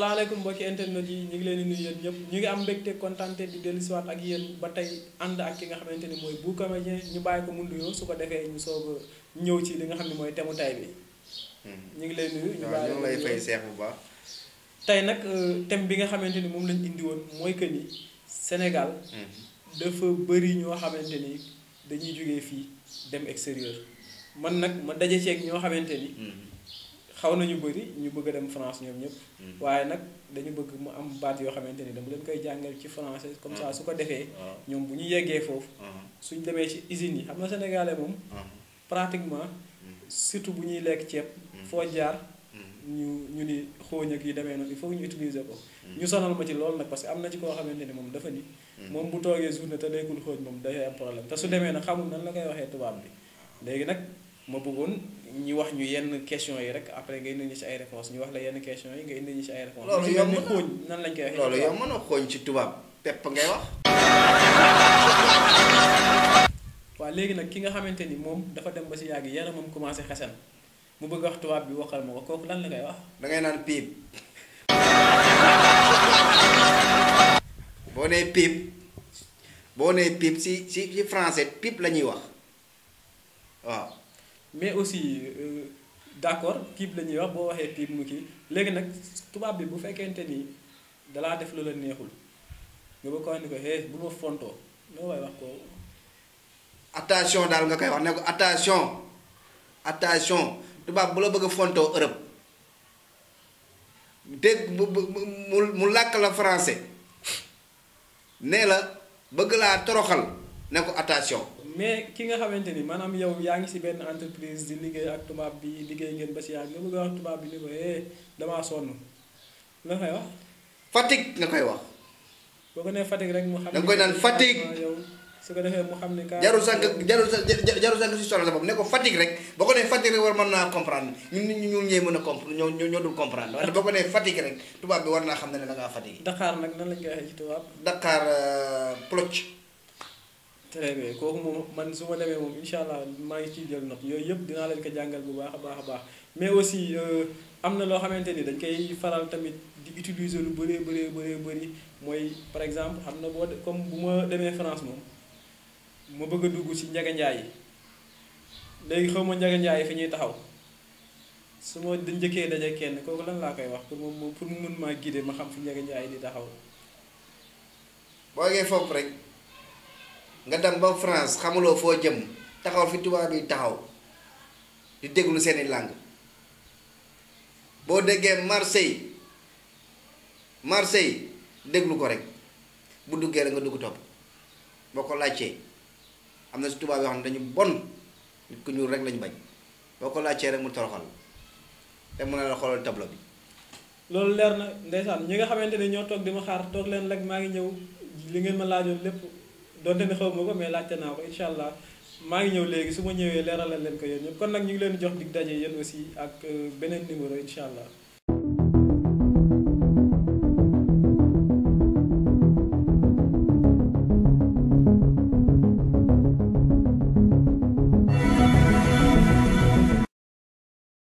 salaamaaleykum mbokki internet yi ñu ngi leen di nuyu yéen ñëpp ñu ngi am mbégte kontante di dellusiwaat ak yéen ba tey ànd ak ki nga xamante ni mooy Bou Comédien ñu bàyyi ko mu nuyoo su ko defee ñu soog ñëw ci li nga xam ne mooy temu bi. Hmm. ñu ngi leen nuyu ñu bàyyi lay bu baax. tey nag euh, thème bi nga xamante ni moom lañ indi woon mooy que ni Sénégal. Hmm. dafa bëri ñoo xamante ni dañuy jógee fii dem extérieur man nag ma daje ceeg ñoo xamante ni. Hmm. xaw ñu bëri ñu bëgg a dem France ñoom ñëpp. Hmm. waaye nag dañu bëgg mu am baat yoo xamante ni dama leen koy jàngal ci français. comme ça hmm. su ko defee. ñoom bu ñu yeggee foofu. Hmm. suñ demee ci usines yi xam na sénégalais moom. pratiquement surtout bu ñuy lekk ceeb. foo jaar. ñu ñu ni xooñ ak yi demee noonu il faut ñu utiliser ko. ñu sonal ma ci loolu nag parce que am na ci koo xamante ni moom dafa ni. moom bu toogee journée te lekkul xooñ moom dafay am problème te su demee nag xamul nan la koy waxee bi ah. léegi nag. ma bëggoon ñu wax ñu yenn question yi rek après nga indi ñu ci ay réponse ñu wax la yenn question yi nga indi ñu ci ay réponse loolu yomb na xooñ nan lañ koy waxee loolu yomb na xooñ ci tubaab pepp ngay wax waaw léegi nag ki nga xamante ni moom dafa dem ba si yàgg yaramam commencé xasan mu bëgg wax tubaab bi waxal ma ko kooku lan la wax da ngay naan boo nee boo nee si si si français piip la ñuy wax waaw mais aussi euh, d' accord pipe la ñuy wax boo waxee pipe mu kii léegi nag tubaab bi bu fekkente ni dalaa def loola neexul nga ba ko wax ko eh bu fontoo ko. attention daal nga koy wax ne ko attention attention tubaab bu la bëgg a fontoo Europe dégg bu mu mu làkk la français nee la bëgg laa toroxal ne ko attention. mais ki nga xamante ni maanaam yow yaa ngi si benn entreprise di liggéey ak tubaab bi liggéey ngeen ba si yàgg nga bëgg a wax tubaab bi ni ko eh damaa sonn la koy wax. fatigue nga koy wax. boo ko nee fatigue rek mu xam. da nga koy naan fatigue yow su ko defee mu xam ne. kaa jarul sànq jarul jarul sànq si sonal sa bopp ne ko fatigue rek boo ko nee fatigue rek war mën naa comprendre ñun ñu ñu ñooy mën a comprendre ñoo ñoo dul comprendre wante boo ko nee fatigue rek tubaab bi war naa xam ne ne da ngaa Dakar nag nan lañ koy waxee ci tubaab. Dakar euh, ploc. très kooku moom man su ma demee moom incha allah maa ngi ciy jël note yooyu yëpp dinaa leen ko jàngal bu baax a baax a baax mais aussi euh, am na loo xamante ni dañ koy faral tamit di utiliser lu bëree bëree bëree bëri mooy par exemple xam na boo comme bu ma demee France moom ma bëgg dugg ci njaganjaay yi léegi xaw ma njaganjaay yi fi ñuy taxaw su ma njëkkee daje kenn kooku lan laa koy wax pour mu mën maa guider ma xam fi njaganjaay yi di taxaw. boo gee foofu rek. nga dem ba France xamuloo foo jëm taxaw fi tubaab yi taxaw di déglu seeni langue boo déggee Marseille Marseille déglu ko rek bu duggee nga dugg topp boo ko laajtee am na si tubaab yoo xam dañu bon nit ku ñuul rek lañu bañ boo ko laajtee rek mu toroxal te mën na la xoolal tableau bi. loolu leer na ndeysaan ñi nga xamante ne ñoo toog di ma xaar toog leen rek maa ngi ñëw li ngeen ma laajoon lépp. donte ne xaw ma ko mais laajte naa ko incha allah maa ngi ñëw léegi su ma ñëwee leeralal leen ko yéen kon nag ñu ngi leen jox dig daje yéen aussi ak euh, beneen numéro incha allah